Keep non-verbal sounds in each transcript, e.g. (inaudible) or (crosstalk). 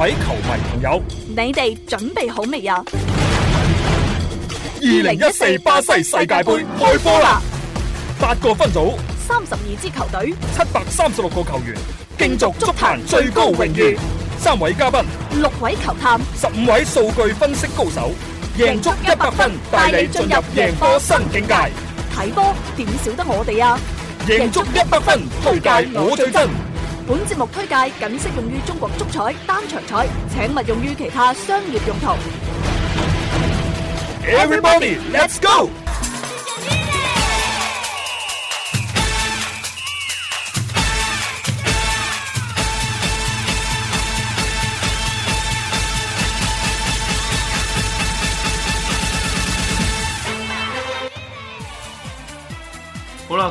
各位球迷朋友，你哋準備好未呀？二零一四巴西世界盃開波啦！八個分組，三十二支球隊，七百三十六個球員，競逐足壇最高榮譽。三位嘉賓，六位球探，十五位數據分析高手，贏足一百分，帶你進入贏波新境界。睇波點少得我哋呀？贏足一百分推介我最真。本節目推介僅適用於中國足彩、單場彩，請勿用於其他商業用途。Everybody, let's go!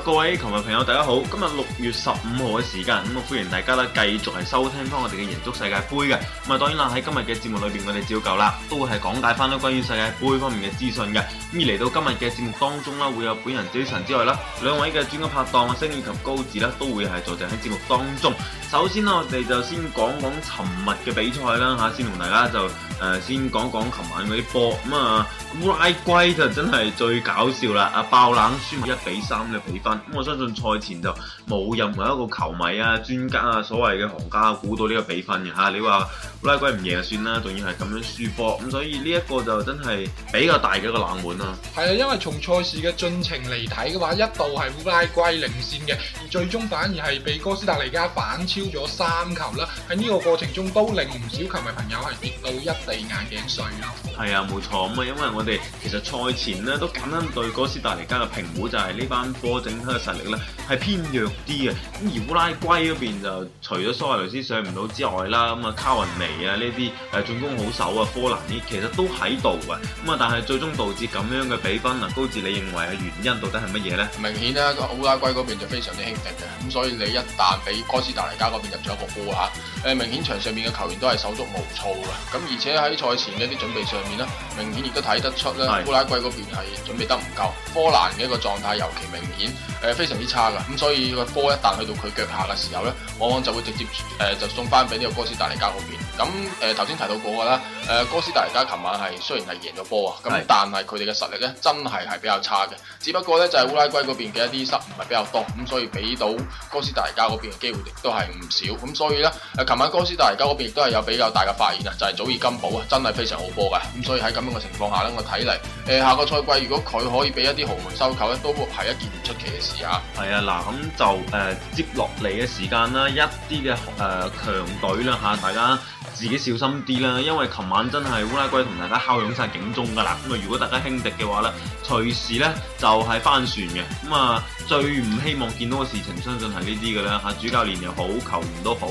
各位球迷朋友，大家好！今日六月十五號嘅時間，咁我歡迎大家咧繼續嚟收聽翻我哋嘅贏足世界盃嘅。咁啊，當然啦，喺今日嘅節目裏邊，我哋照舊啦，都會係講解翻一關於世界盃方面嘅資訊嘅。而嚟到今日嘅節目當中啦，會有本人 Jason 之外啦，兩位嘅專家拍檔阿星以及高志啦，都會係坐場喺節目當中。首先啦，我哋就先講講尋日嘅比賽啦吓，先同大家就誒、呃、先講講琴晚嗰啲波咁啊，烏拉圭就真係最搞笑啦！阿爆冷輸一比三嘅比分，咁我相信賽前就冇任何一個球迷啊、專家啊、所謂嘅行家估、啊、到呢個比分嘅吓，你話？烏拉圭唔贏就算啦，仲要係咁樣輸波，咁所以呢一個就真係比較大嘅一個冷門咯。係啊，因為從賽事嘅進程嚟睇嘅話，一度係烏拉圭領先嘅，而最終反而係被哥斯達黎加反超咗三球啦。喺呢個過程中都令唔少球迷朋友係跌到一地眼鏡碎咯。係啊，冇錯，咁啊，因為我哋其實賽前咧都簡單對，對哥斯達黎加嘅評估就係呢班波整體嘅實力咧係偏弱啲嘅，咁而烏拉圭嗰邊就除咗蘇艾雷斯上唔到之外啦，咁啊卡雲尼啊！呢啲誒進攻好手啊，科蘭呢，其實都喺度啊。咁啊，但係最終導致咁樣嘅比分啊，高志，你認為嘅原因到底係乜嘢咧？明顯啦，烏拉圭嗰邊就非常之輕敵嘅。咁所以你一旦俾哥斯達黎加嗰邊入咗一個波啊，誒明顯場上面嘅球員都係手足無措嘅。咁、啊、而且喺賽前嘅啲準備上面咧，明顯亦都睇得出咧，烏拉圭嗰邊係準備得唔夠。科蘭嘅一個狀態尤其明顯，誒、呃、非常之差嘅。咁、啊、所以個波一旦去到佢腳下嘅時候咧，往往就會直接誒、呃、就送翻俾呢個哥斯達黎加嗰邊。咁誒頭先提到過啦，誒、呃、哥斯達黎加琴晚係雖然係贏咗波啊，咁但係佢哋嘅實力咧真係係比較差嘅。只不過咧就係、是、烏拉圭嗰邊嘅一啲失誤係比較多，咁所以俾到哥斯達黎加嗰邊嘅機會亦都係唔少。咁所以咧誒，琴、呃、晚哥斯達黎加嗰邊亦都係有比較大嘅發現啊，就係、是、祖爾金寶啊，真係非常好波嘅。咁所以喺咁樣嘅情況下咧，我睇嚟誒下個賽季如果佢可以俾一啲豪門收購咧，都係一件唔出奇嘅事嚇。係啊，嗱咁就誒、呃、接落嚟嘅時間啦，一啲嘅誒強隊啦嚇，大家、啊。自己小心啲啦，因為琴晚真係烏拉圭同大家敲響晒警鐘噶啦。咁啊，如果大家輕敵嘅話咧，隨時咧就係、是、翻船嘅。咁啊，最唔希望見到嘅事情，相信係呢啲嘅啦吓，主教練又好，球員都好。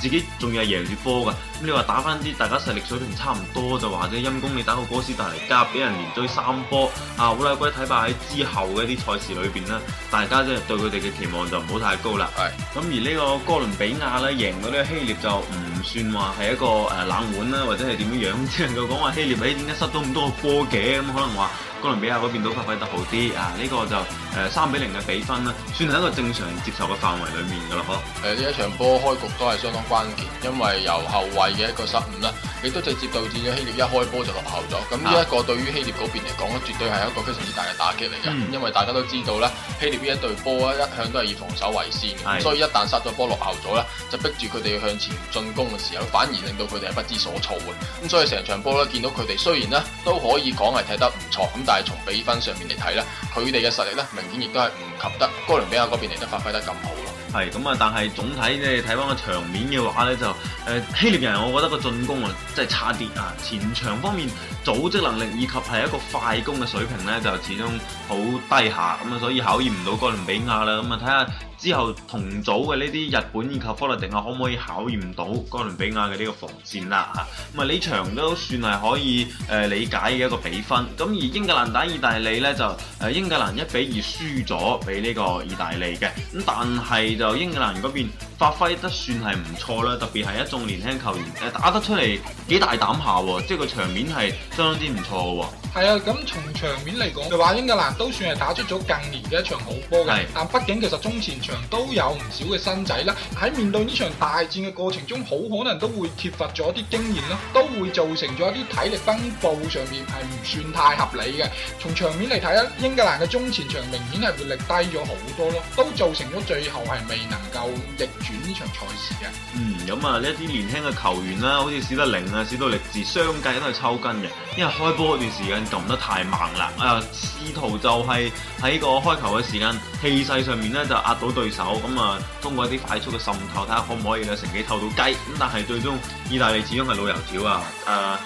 自己仲要係贏住波㗎，咁你話打翻啲大家實力水平差唔多，就或者陰公，你打個哥斯達黎加俾人連追三波，啊烏拉圭睇法喺之後嘅啲賽事裏面咧，大家即係對佢哋嘅期望就唔好太高啦。係，咁而呢個哥倫比亞咧贏嗰啲希臘就唔算話係一個、呃、冷門啦，或者係點樣樣，即能夠講話希臘點解失到咁多波嘅咁可能話。哥倫比亞嗰邊都發揮得好啲啊！呢、這個就誒三比零嘅比分啦，算係一個正常接受嘅範圍裡面嘅咯。誒、呃、呢一場波開局都係相當關鍵，因為由後衞嘅一個失誤啦，亦都直接導致咗希臘一開波就落後咗。咁呢一個對於希臘嗰邊嚟講咧，絕對係一個非常之大嘅打擊嚟嘅、嗯。因為大家都知道啦，希臘一對球呢一隊波啊一向都係以防守為先嘅，所以一旦失咗波落後咗咧，就逼住佢哋要向前進攻嘅時候，反而令到佢哋係不知所措嘅。咁所以成場波咧，見到佢哋雖然咧都可以講係踢得唔錯咁。但係從比分上面嚟睇咧，佢哋嘅實力咧，明顯亦都係唔及得哥倫比亞嗰邊嚟得發揮得咁好咯。係咁啊，但係總體你睇翻個場面嘅話咧，就誒希臘人，我覺得個進攻啊，真係差啲啊！前場方面組織能力以及係一個快攻嘅水平咧，就始終好低下咁啊，所以考驗唔到哥倫比亞啦。咁啊，睇下。之後同組嘅呢啲日本以及科特迪瓦可唔可以考驗到哥倫比亞嘅呢個防線啦嚇？咁啊呢場都算係可以誒、呃、理解嘅一個比分。咁而英格蘭打意大利呢，就誒、呃、英格蘭一比二輸咗俾呢個意大利嘅。咁但係就英格蘭嗰邊發揮得算係唔錯啦，特別係一眾年輕球員誒、呃、打得出嚟幾大膽下喎，即係個場面係相當之唔錯喎。係啊，咁從場面嚟講嘅話，英格蘭都算係打出咗近年嘅一場好波嘅。但畢竟其實中前場都有唔少嘅新仔啦，喺面對呢場大戰嘅過程中，好可能都會缺乏咗啲經驗囉，都會造成咗一啲體力分布上面係唔算太合理嘅。從場面嚟睇啊，英格蘭嘅中前場明顯係活力低咗好多咯，都造成咗最後係未能夠逆轉呢場賽事嘅。嗯，咁啊呢一啲年輕嘅球員啦，好似史德寧啊、史杜力治相繼都係抽筋嘅，因為開波嗰段時間。撳得太猛啦！誒、啊、試圖就係喺個開球嘅時間氣勢上面咧，就壓到對手。咁、嗯、啊，通過一啲快速嘅滲透，睇下可唔可以咧成幾透到雞。咁但係最終意大利始終係老油條啊！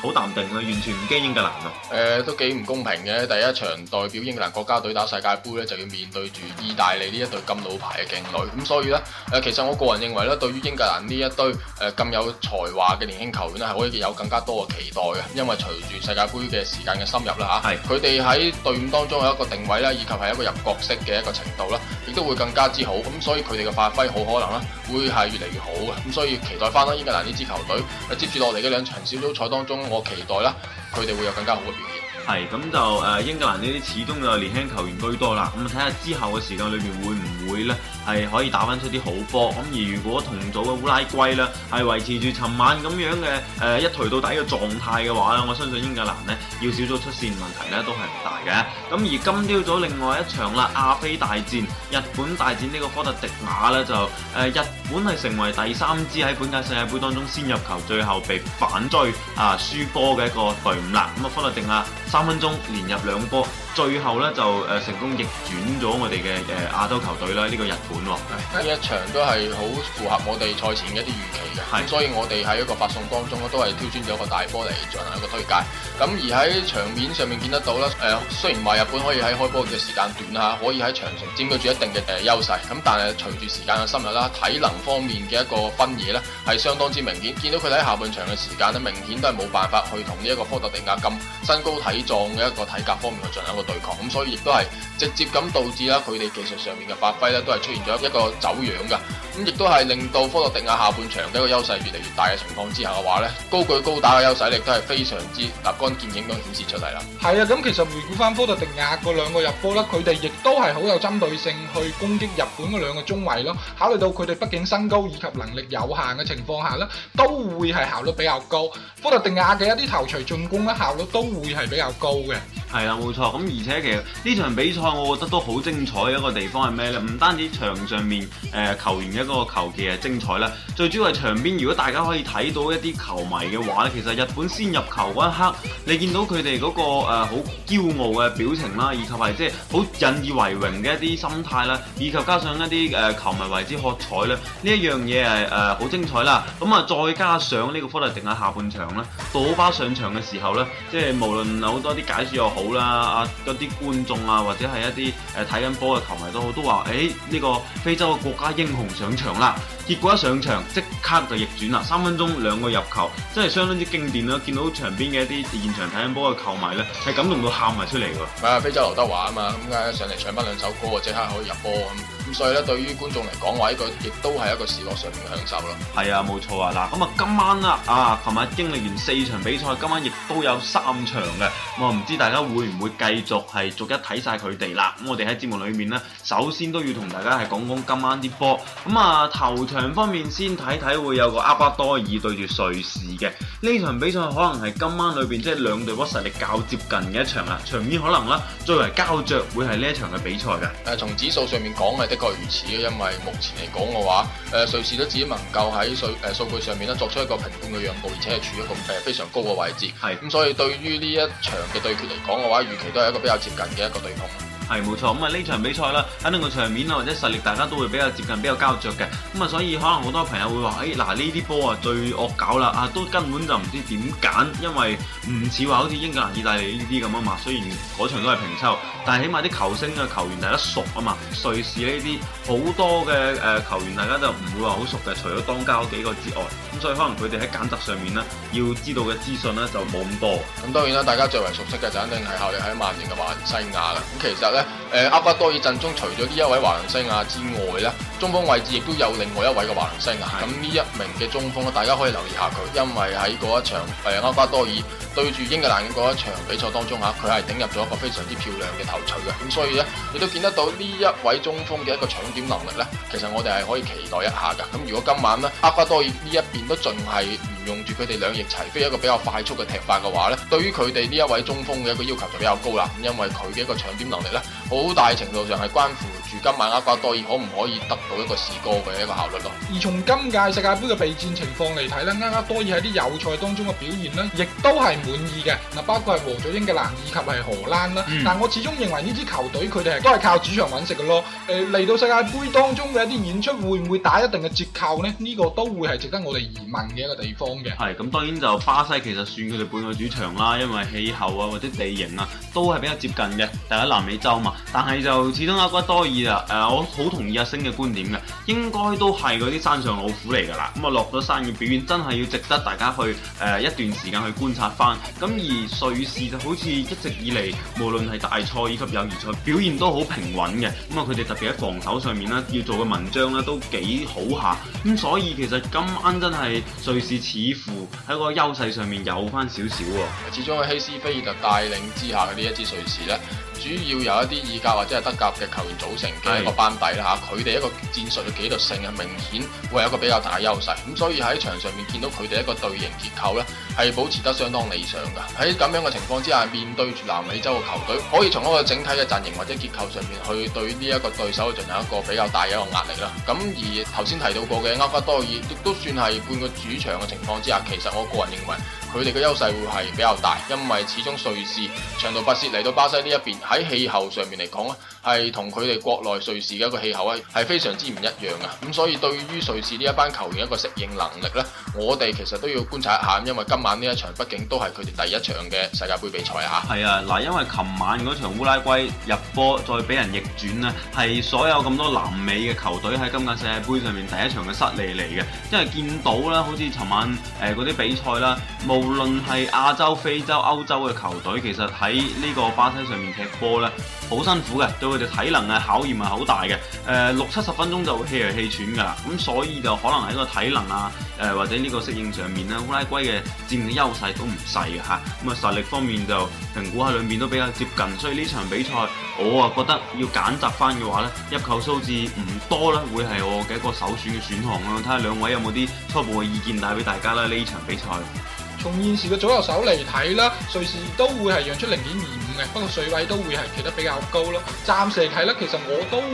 好淡定啊，完全唔驚英格蘭啊，誒、呃，都幾唔公平嘅。第一場代表英格蘭國家隊打世界盃咧，就要面對住意大利呢一隊咁老牌嘅勁旅。咁所以咧、呃，其實我個人認為咧，對於英格蘭呢一隊咁、呃、有才華嘅年輕球員咧，係可以有更加多嘅期待嘅。因為隨住世界盃嘅時間嘅深入啦嚇，佢哋喺隊伍當中有一個定位啦，以及係一個入角色嘅一個程度啦，亦都會更加之好。咁所以佢哋嘅發揮好可能啦，會係越嚟越好嘅。咁所以期待翻啦，英格蘭呢支球隊接住落嚟嘅兩場小組賽當中，我期待啦，佢哋會有更加好嘅表現。係咁就、呃、英格蘭呢啲始終嘅年輕球員居多啦，咁睇下之後嘅時間裏面會唔會呢，係可以打翻出啲好波，咁而如果同組嘅烏拉圭呢，係維持住尋晚咁樣嘅、呃、一錘到底嘅狀態嘅話咧，我相信英格蘭呢要少咗出線問題呢都係唔大嘅。咁而今朝早另外一場啦，亞非大戰，日本大戰呢個科特迪瓦呢，就、呃、日本係成為第三支喺本屆世界杯當中先入球最後被反追啊、呃、輸波嘅一個隊伍啦。咁啊科特迪瓦。三分鐘連入兩波，最後咧就誒、呃、成功逆轉咗我哋嘅誒亞洲球隊啦！呢、這個日本喎，呢一場都係好符合我哋賽前嘅一啲預期嘅，所以我哋喺一個發送當中咧都係挑選咗一個大波嚟進行一個推介。咁而喺場面上面見得到咧，誒、呃、雖然話日本可以喺開波嘅時間段嚇，可以喺場上佔據住一定嘅誒、呃、優勢，咁但係隨住時間嘅深入啦，體能方面嘅一個分野呢係相當之明顯，見到佢喺下半場嘅時間呢，明顯都係冇辦法去同呢一個科特迪瓦咁身高體。壯嘅一個體格方面去進行一個對抗，咁所以亦都係直接咁導致啦佢哋技術上面嘅發揮咧，都係出現咗一個走樣噶。咁亦都係令到科特迪亞下半場嘅一個優勢越嚟越大嘅情況之下嘅話呢，高舉高打嘅優勢亦都係非常之立竿見影咁顯示出嚟啦。係啊，咁其實回顧翻，科特迪亞嗰兩個入波呢，佢哋亦都係好有針對性去攻擊日本嗰兩個中衛咯。考慮到佢哋畢竟身高以及能力有限嘅情況下呢，都會係效率比較高。科特迪亞嘅一啲頭錘進攻呢，效率都會係比較高嘅。係啊，冇錯。咁而且其實呢場比賽我覺得都好精彩嘅一個地方係咩呢？唔單止場上面誒、呃、球員呢個球技係精彩啦，最主要係場邊如果大家可以睇到一啲球迷嘅話咧，其實日本先入球一刻，你見到佢哋嗰個誒好驕傲嘅表情啦，以及係即係好引以為榮嘅一啲心態啦，以及加上一啲誒、呃、球迷為之喝彩啦，呢一樣嘢係誒好精彩啦。咁啊，再加上呢個科特迪瓦下半場咧，杜奧巴上場嘅時候咧，即係無論好多啲解說又好啦，啊一啲觀眾啊，或者係一啲誒睇緊波嘅球迷都好，都話誒呢個非洲嘅國家英雄上。場啦，結果一上場即刻就逆轉啦，三分鐘兩個入球，真係相當之經典啦！見到場邊嘅一啲現場睇緊波嘅球迷咧，係感動到喊埋出嚟嘅。係啊，非洲劉德華啊嘛，咁梗上嚟唱翻兩首歌，即刻可以入波咁。咁所以咧，對於觀眾嚟講，話呢個亦都係一個視覺上面嘅享受咯。係啊，冇錯啊！嗱，咁啊，今晚啦，啊，琴晚經歷完四場比賽，今晚亦都有三場嘅。我、嗯、唔知大家會唔會繼續係逐一睇晒佢哋啦。咁我哋喺節目裏面呢，首先都要同大家係講講今晚啲波。咁、嗯、啊，頭場方面先睇睇，會有個阿巴多爾對住瑞士嘅呢場比賽，可能係今晚裏邊即係兩隊波實力較接近嘅一場啦。場面可能啦，最為膠着會係呢一場嘅比賽嘅。但、啊、誒，從指數上面講的確如此嘅，因為目前嚟講嘅話，誒瑞士都只能夠喺稅誒數據上面咧作出一個平判嘅讓步，而且係處於一個誒非常高嘅位置。係咁、嗯，所以對於呢一場嘅對決嚟講嘅話，預期都係一個比較接近嘅一個對局。係冇錯，咁啊呢場比賽啦，肯定個場面啊或者實力大家都會比較接近，比較膠着嘅。咁啊，所以可能好多朋友會話，誒、哎，嗱呢啲波啊最惡搞啦，啊都根本就唔知點揀，因為唔似話好似英格蘭、意大利呢啲咁啊嘛。雖然嗰場都係平抽，但係起碼啲球星啊球員大家熟啊嘛。瑞士呢啲好多嘅誒球員，大家都唔會話好熟嘅，除咗當家嗰幾個之外，咁所以可能佢哋喺揀擇上面咧，要知道嘅資訊咧就冇咁多。咁當然啦，大家最為熟悉嘅就肯定係效力喺曼聯嘅馬西亞啦。咁其實。咧、呃，厄瓜多爾陣中，除咗呢一位華倫西亞之外咧，中鋒位置亦都有另外一位嘅華倫西亞。咁呢一名嘅中鋒咧，大家可以留意下佢，因為喺嗰一場誒、呃、厄瓜多爾對住英格蘭嘅嗰一場比賽當中嚇，佢、啊、係頂入咗一個非常之漂亮嘅頭槌嘅。咁所以咧，亦都見得到呢一位中鋒嘅一個搶點能力咧，其實我哋係可以期待一下嘅。咁如果今晚咧，厄瓜多爾呢一邊都盡係，用住佢哋兩翼齊飛一個比較快速嘅踢法嘅話咧，對於佢哋呢一位中鋒嘅一個要求就比較高啦。因為佢嘅一個搶點能力咧，好大程度上係關乎住今晚厄瓜多爾可唔可以得到一個士哥嘅一個效率咯。而從今屆世界杯嘅備戰情況嚟睇咧，厄瓜多爾喺啲友賽當中嘅表現呢亦都係滿意嘅。嗱，包括係和咗英格蘭以及係荷蘭啦、嗯。但我始終認為呢支球隊佢哋係都係靠主場揾食嘅咯。誒、呃、嚟到世界盃當中嘅一啲演出會唔會打一定嘅折扣呢？呢、這個都會係值得我哋疑問嘅一個地方。係，咁當然就巴西其實算佢哋半個主場啦，因為氣候啊或者地形啊都係比較接近嘅，大家南美洲嘛。但係就始終厄瓜多爾啊、呃，我好同意阿星嘅觀點嘅，應該都係嗰啲山上老虎嚟㗎啦。咁啊落咗山嘅表現真係要值得大家去、呃、一段時間去觀察翻。咁而瑞士就好似一直以嚟無論係大賽以及友誼賽表現都好平穩嘅。咁啊佢哋特別喺防守上面呢，要做嘅文章咧都幾好下。咁所以其實今晚真係瑞士似似乎喺個優勢上面有翻少少喎。始終喺希斯菲爾特帶領之下嘅呢一支瑞士咧，主要由一啲意甲或者係德甲嘅球員組成嘅一個班底啦嚇。佢哋一個戰術嘅紀律性啊，明顯會有一個比較大優勢。咁所以喺場上面見到佢哋一個隊形結構咧。係保持得相當理想㗎，喺咁樣嘅情況之下，面對住南美洲嘅球隊，可以從一個整體嘅陣營或者結構上面去對呢一個對手進行一個比較大嘅一個壓力啦。咁而頭先提到過嘅厄瓜多爾亦都算係半個主場嘅情況之下，其實我個人認為佢哋嘅優勢會係比較大，因為始終瑞士長途跋涉嚟到巴西呢一邊，喺氣候上面嚟講啊。係同佢哋國內瑞士嘅一個氣候啊，係非常之唔一樣啊。咁所以對於瑞士呢一班球員一個適應能力呢，我哋其實都要觀察一下，因為今晚呢一場畢竟都係佢哋第一場嘅世界盃比賽啊。係啊，嗱，因為琴晚嗰場烏拉圭入波再俾人逆轉咧，係所有咁多南美嘅球隊喺今屆世界盃上面第一場嘅失利嚟嘅。因為見到咧，好似琴晚誒嗰啲比賽啦，無論係亞洲、非洲、歐洲嘅球隊，其實喺呢個巴西上面踢波呢，好辛苦嘅都佢哋體能嘅考驗係好大嘅，誒六七十分鐘就會氣嚟氣喘噶，咁所以就可能喺個體能啊，誒、呃、或者呢個適應上面咧，烏 (noise) 拉圭嘅戰略優勢都唔細嘅嚇，咁啊實力方面就評估喺兩邊都比較接近，所以呢場比賽我啊覺得要揀擇翻嘅話咧，入球數字唔多咧，會係我嘅一個首選嘅選項啊，睇下兩位有冇啲初步嘅意見帶俾大家啦呢場比賽。從現時嘅左右手嚟睇啦，瑞士都會係讓出零點二五嘅，不過水位都會係企得比較高咯。暫時嚟睇啦，其實我都會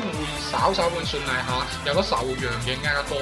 稍稍咁順利下有得受讓嘅更加多。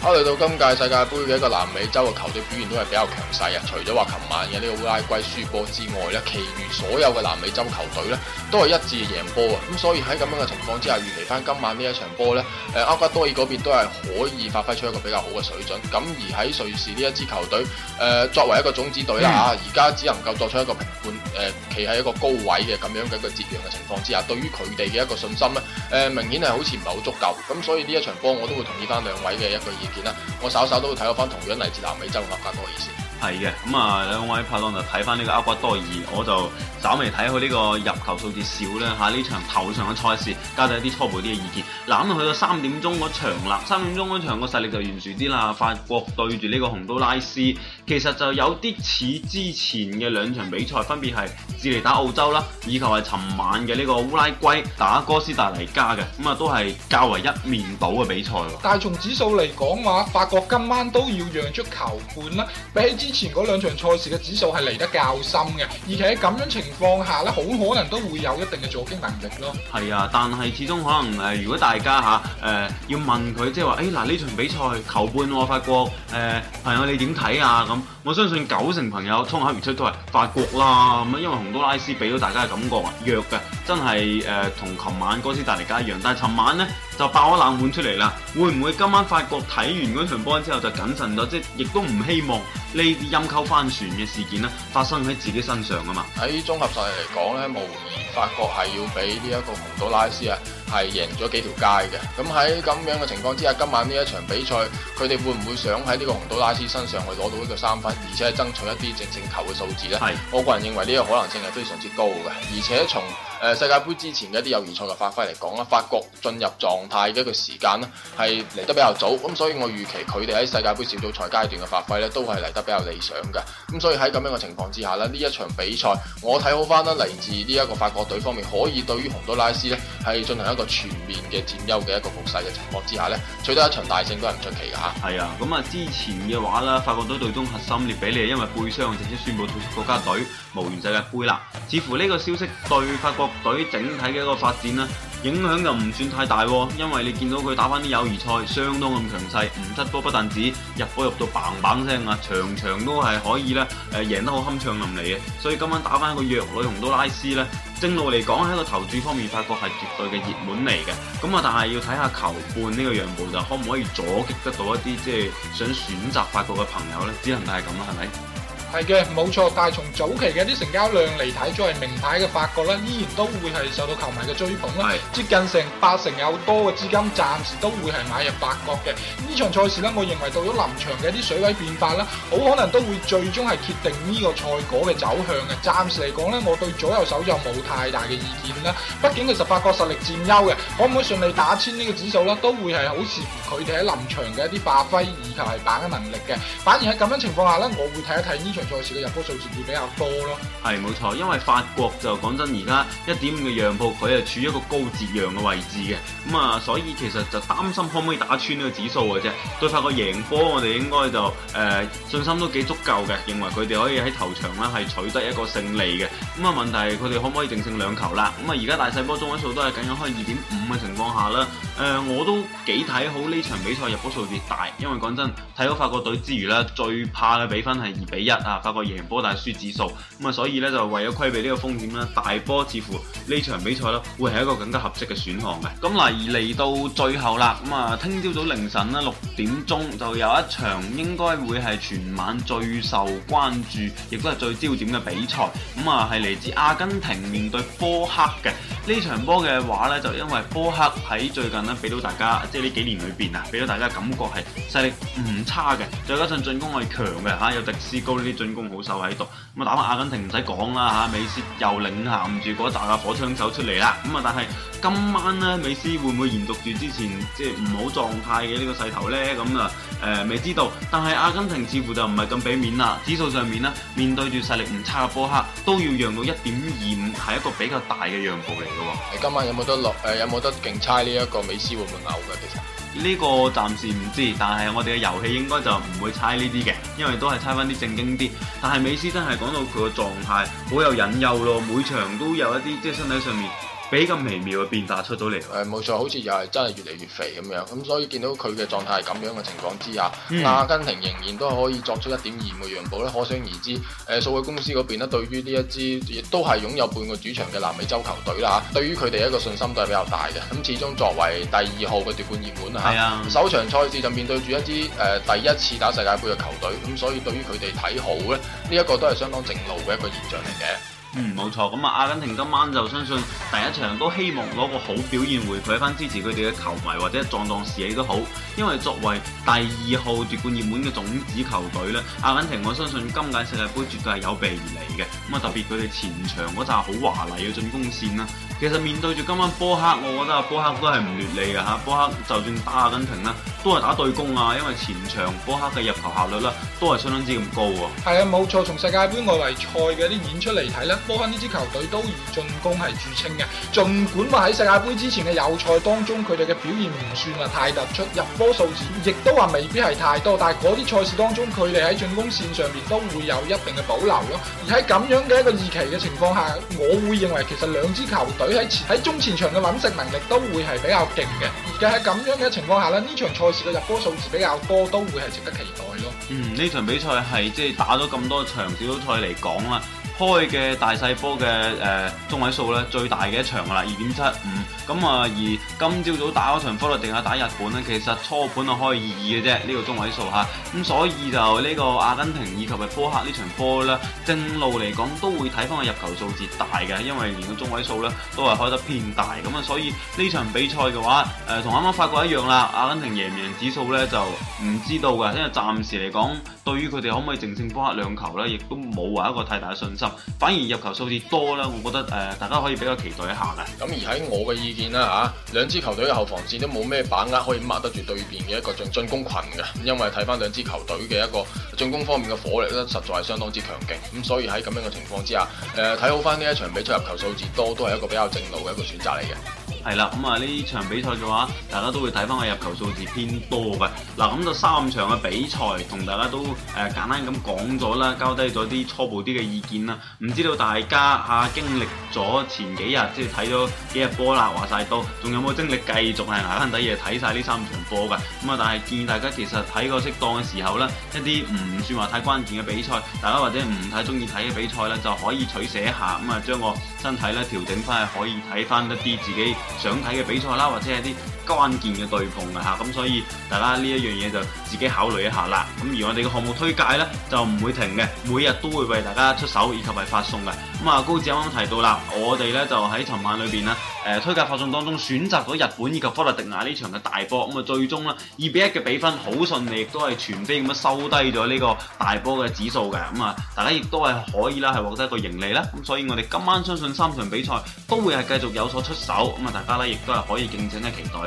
考、啊、慮到今屆世界杯嘅一個南美洲嘅球隊表現都係比較強勢啊，除咗話琴晚嘅呢個烏拉圭輸波之外咧，其餘所有嘅南美洲球隊咧都係一致贏波啊，咁所以喺咁樣嘅情況之下，預期翻今晚呢一場波咧，誒、啊，厄瓜多爾嗰邊都係可以發揮出一個比較好嘅水準，咁、啊、而喺瑞士呢一支球隊誒、啊，作為一個種子隊啦啊，而家只能夠作出一個評判誒，企、啊、喺一個高位嘅咁樣嘅一個折讓嘅情況之下，對於佢哋嘅一個信心咧，誒、啊，明顯係好似唔係好足夠，咁、啊、所以呢一場波我都會同意翻兩位嘅一個意見。件啦，我稍稍都會睇嗰翻同樣嚟自南美洲嘅厄瓜多爾先。係嘅，咁啊兩位拍檔就睇翻呢個厄瓜多爾，我就稍微睇佢呢個入球數字少啦嚇。呢場頭場嘅賽事，加咗一啲初步啲嘅意見。嗱咁去到三點鐘嗰場啦，三點鐘嗰場個實力就懸殊啲啦。法國對住呢個洪都拉斯，其實就有啲似之前嘅兩場比賽，分別係智利打澳洲啦，以及係尋晚嘅呢個烏拉圭打哥斯達黎加嘅。咁啊，都係較為一面倒嘅比賽喎。但係從指數嚟講話，法國今晚都要讓出球盤啦。比起之前嗰兩場賽事嘅指數係嚟得較深嘅，而且喺咁樣情況下呢，好可能都會有一定嘅阻擊能力咯。係啊，但係始終可能誒、呃，如果大大家、呃、要問佢，即係話，誒嗱呢場比賽球半我法國誒、呃、朋友你點睇啊？咁我相信九成朋友衝口而出都係法國啦。咁因為洪都拉斯俾到大家嘅感覺啊弱嘅，真係誒同琴晚哥斯達黎加一樣。但係尋晚呢，就爆咗冷門出嚟啦。會唔會今晚法國睇完嗰場波之後就謹慎咗，即係亦都唔希望呢啲陰溝翻船嘅事件咧，發生喺自己身上啊嘛！喺綜合上嚟講咧，無疑法國係要俾呢一個洪都拉斯啊，係贏咗幾條街嘅。咁喺咁樣嘅情況之下，今晚呢一場比賽，佢哋會唔會想喺呢個洪都拉斯身上去攞到呢個三分，而且係爭取一啲淨勝球嘅數字咧？係，我個人認為呢個可能性係非常之高嘅，而且從誒、呃、世界盃之前嘅一啲友誼賽嘅發揮嚟講啦，法國進入狀態嘅一個時間咧係嚟得比較早，咁、嗯、所以我預期佢哋喺世界盃小組賽階段嘅發揮咧都係嚟得比較理想嘅，咁、嗯、所以喺咁樣嘅情況之下咧，呢一場比賽我睇好翻啦，嚟自呢一個法國隊方面可以對於洪都拉斯咧係進行一個全面嘅佔優嘅一個局勢嘅情況之下咧，取得一場大勝都係唔出奇㗎吓。係啊，咁啊之前嘅話啦，法國隊隊中核心列比尼因為背傷，直接宣布退出國家隊無緣世界盃啦。似乎呢個消息對法國，對於整體嘅一個發展呢，影響就唔算太大。哦，因為你見到佢打返啲友誼賽，相當咁強勢，唔出波不但止入波入到棒棒聲啊，場場都係可以呢，誒、呃，贏得好酣暢淋漓嘅，所以今晚打返個弱隊洪都拉斯呢，正路嚟講喺個投注方面，法國係絕對嘅熱門嚟嘅，咁啊，但係要睇下球半呢個讓步就可唔可以阻擊得到一啲即係想選擇法國嘅朋友呢？只能係咁啦，係咪？係嘅，冇錯，但係從早期嘅啲成交量嚟睇，作為名牌嘅法國咧，依然都會係受到球迷嘅追捧啦。接近成八成有多嘅資金，暫時都會係買入法國嘅。呢場賽事呢，我認為到咗臨場嘅一啲水位變化啦，好可能都會最終係決定呢個賽果嘅走向嘅。暫時嚟講呢，我對左右手就冇太大嘅意見啦。畢竟其實法國實力佔優嘅，可唔可以順利打穿呢個指數咧，都會係好視乎佢哋喺臨場嘅一啲發揮，以及係把握能力嘅。反而喺咁樣情況下呢，我會睇一睇呢。賽事嘅入波數字會比較多咯，係冇錯，因為法國就講真而家一點五嘅讓步，佢係處於一個高折讓嘅位置嘅。咁啊，所以其實就擔心可唔可以打穿呢個指數嘅啫。對法國贏波，我哋應該就誒信心都幾足夠嘅，認為佢哋可以喺頭場咧係取得一個勝利嘅。咁啊，問題係佢哋可唔可以淨勝兩球啦？咁啊，而家大細波中位數都係僅僅開二點五嘅情況下啦。誒，我都幾睇好呢場比賽入波數字大，因為講真，睇到法國隊之餘咧，最怕嘅比分係二比一。啊！發覺贏波大輸指數，咁啊，所以咧就為咗規避呢個風險咧，大波似乎呢場比賽咧，會係一個更加合適嘅選項嘅。咁嚟嚟到最後啦，咁啊，聽朝早凌晨咧六點鐘就有一場應該會係全晚最受關注，亦都係最焦點嘅比賽，咁啊係嚟自阿根廷面對波黑嘅。呢場波嘅話呢，就因為波克喺最近咧，俾到大家即係呢幾年裏邊啊，俾到大家感覺係實力唔差嘅，再加上進攻係強嘅嚇，有迪斯高呢啲進攻好手喺度。咁啊，打翻阿根廷唔使講啦嚇，美斯又領銜唔住嗰一襲嘅火槍手出嚟啦。咁啊，但係今晚呢，美斯會唔會延續住之前即係唔好狀態嘅呢個勢頭呢？咁、嗯、啊，誒、呃、未知道。但係阿根廷似乎就唔係咁俾面啦。指數上面呢，面對住實力唔差嘅波克，都要讓到一點二五，係一個比較大嘅讓步嚟。今晚有冇得落？誒有冇得勁猜呢一個美斯會唔會拗嘅？其實呢個暫時唔知，但係我哋嘅遊戲應該就唔會猜呢啲嘅，因為都係猜翻啲正經啲。但係美斯真係講到佢個狀態好有隱憂咯，每場都有一啲即係身體上面，比較微妙嘅變化出咗嚟，誒、嗯、冇錯，好似又係真係越嚟越肥咁樣，咁所以見到佢嘅狀態係咁樣嘅情況之下，阿、嗯、根廷仍然都可以作出一點二嘅讓步咧。可想而知，數據公司嗰邊咧對於呢一支亦都係擁有半個主場嘅南美洲球隊啦嚇，對於佢哋一個信心都係比較大嘅。咁始終作為第二號嘅奪冠熱門、啊、首場賽事就面對住一支、呃、第一次打世界盃嘅球隊，咁所以對於佢哋睇好咧，呢、這、一個都係相當正路嘅一個現象嚟嘅。嗯，冇錯，咁啊，阿根廷今晚就相信第一場都希望攞個好表現回饋翻支持佢哋嘅球迷，或者壯壯士氣都好。因為作為第二號奪冠熱門嘅種子球隊咧，阿根廷我相信今屆世界盃絕對係有備而嚟嘅。咁啊，特別佢哋前場嗰紮好華麗嘅進攻線啦。其實面對住今晚波克，我覺得阿波克都係唔劣利嘅吓，波克就算打阿根廷啦，都係打對攻啊，因為前場波克嘅入球效率啦，都係相當之咁高啊。係啊，冇錯，從世界盃外圍賽嘅啲演出嚟睇咧，波克呢支球隊都以進攻係著稱嘅。儘管話喺世界盃之前嘅友賽當中，佢哋嘅表現唔算話太突出，入波數字亦都話未必係太多，但係嗰啲賽事當中，佢哋喺進攻線上面都會有一定嘅保留咯。而喺咁樣嘅一個二期嘅情況下，我會認為其實兩支球隊。佢喺前喺中前場嘅揾食能力都會係比較勁嘅，而家喺咁樣嘅情況下咧，呢場賽事嘅入波數字比較多，都會係值得期待咯。嗯，呢場比賽係即係打咗咁多場小組賽嚟講啦。開嘅大細波嘅誒中位數咧，最大嘅一場啦，二點七五。咁啊、呃，而今朝早打嗰場菲律賓打日本咧，其實初盤啊開二嘅啫，呢、呢個中位數嚇。咁、啊、所以就呢個阿根廷以及嘅波黑呢場呢場波咧，正路嚟講都會睇返個入球數字大嘅，因為連個中位數咧都係開得偏大。咁啊，所以呢場比賽嘅話，誒同啱啱發覺一樣啦。阿根廷贏唔贏指數咧就唔知道㗎，因為暫時嚟講。對於佢哋可唔可以淨勝波黑兩球呢，亦都冇話一個太大嘅信心，反而入球數字多啦。我覺得誒、呃，大家可以比較期待一下啦。咁而喺我嘅意見啦嚇，兩支球隊嘅後防線都冇咩把握可以抹得住對面嘅一個進進攻群嘅，因為睇翻兩支球隊嘅一個進攻方面嘅火力咧，實在係相當之強勁。咁所以喺咁樣嘅情況之下，誒、呃、睇好翻呢一場比賽入球數字多，都係一個比較正路嘅一個選擇嚟嘅。係啦，咁啊呢場比賽嘅話，大家都會睇翻個入球數字偏多嘅。嗱，咁就三場嘅比賽，同大家都、呃、簡單咁講咗啦，交低咗啲初步啲嘅意見啦。唔知道大家、啊、經歷咗前幾日即係睇咗幾日波啦，話曬多，仲有冇精力繼續係捱更抵夜睇曬呢三場波㗎？咁、嗯、啊，但係建議大家其實睇個適當嘅時候啦，一啲唔算話太關鍵嘅比賽，大家或者唔太中意睇嘅比賽咧，就可以取捨一下咁啊，將、嗯、個身體咧調整翻係可以睇翻一啲自己。想睇嘅比賽啦，或者係一啲關鍵嘅對碰啊，吓，咁所以大家呢，一樣嘢，就自己考慮一下啦。咁而我哋嘅項目推介呢，就唔會停嘅，每日都會為大家出手以及係發送嘅。咁啊高志啱啱提到啦，我哋呢就喺尋晚裏邊呢，誒，推介發送當中選擇咗日本以及科特迪瓦呢場嘅大波，咁啊最終呢，二比一嘅比分好順利，都係全非咁樣收低咗呢個大波嘅指數嘅。咁啊大家亦都係可以啦，係獲得一個盈利啦。咁所以我哋今晚相信三場比賽都會係繼續有所出手，咁啊大家呢，亦都係可以敬請嘅期待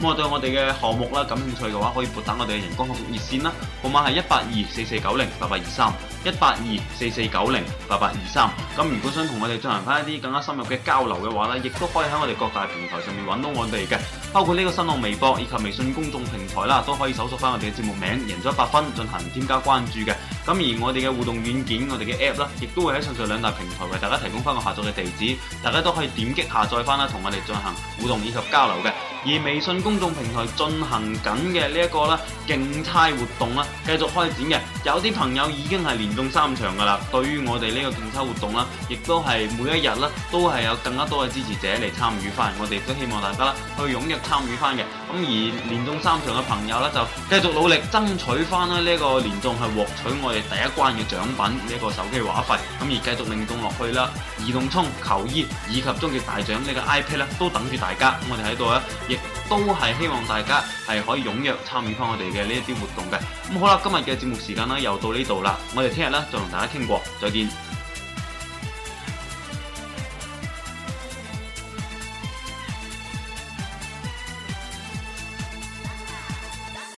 咁我對我哋嘅項目啦感興趣嘅話，可以撥打我哋嘅人工服務熱線啦，號碼係一八二四四九零八八二三一八二四四九零八八二三。咁如果想同我哋進行翻一啲更加深入嘅交流嘅話咧，亦都可以喺我哋各大平台上面揾到我哋嘅，包括呢個新浪微博以及微信公眾平台啦，都可以搜索翻我哋嘅節目名贏咗一百分進行添加關注嘅。咁而我哋嘅互動軟件我哋嘅 app 啦，亦都會喺上述兩大平台為大家提供翻個下載嘅地址，大家都可以點擊下載翻啦，同我哋進行互動以及交流嘅。而微信。公眾平台進行緊嘅呢一個咧競猜活動啦，繼續開展嘅，有啲朋友已經係連中三場噶啦。對於我哋呢個競猜活動啦，亦都係每一日咧都係有更加多嘅支持者嚟參與翻，我哋都希望大家去踴躍參與翻嘅。咁而連中三場嘅朋友呢，就繼續努力爭取翻呢個連中係獲取我哋第一關嘅獎品呢個手機話費，咁而繼續連中落去啦，移動充球衣以及終極大獎呢個 iPad 呢，都等住大家，我哋喺度呀，亦都係希望大家係可以踴躍參與翻我哋嘅呢一啲活動嘅。咁好啦，今日嘅節目時間呢，又到呢度啦，我哋聽日咧再同大家傾過，再見。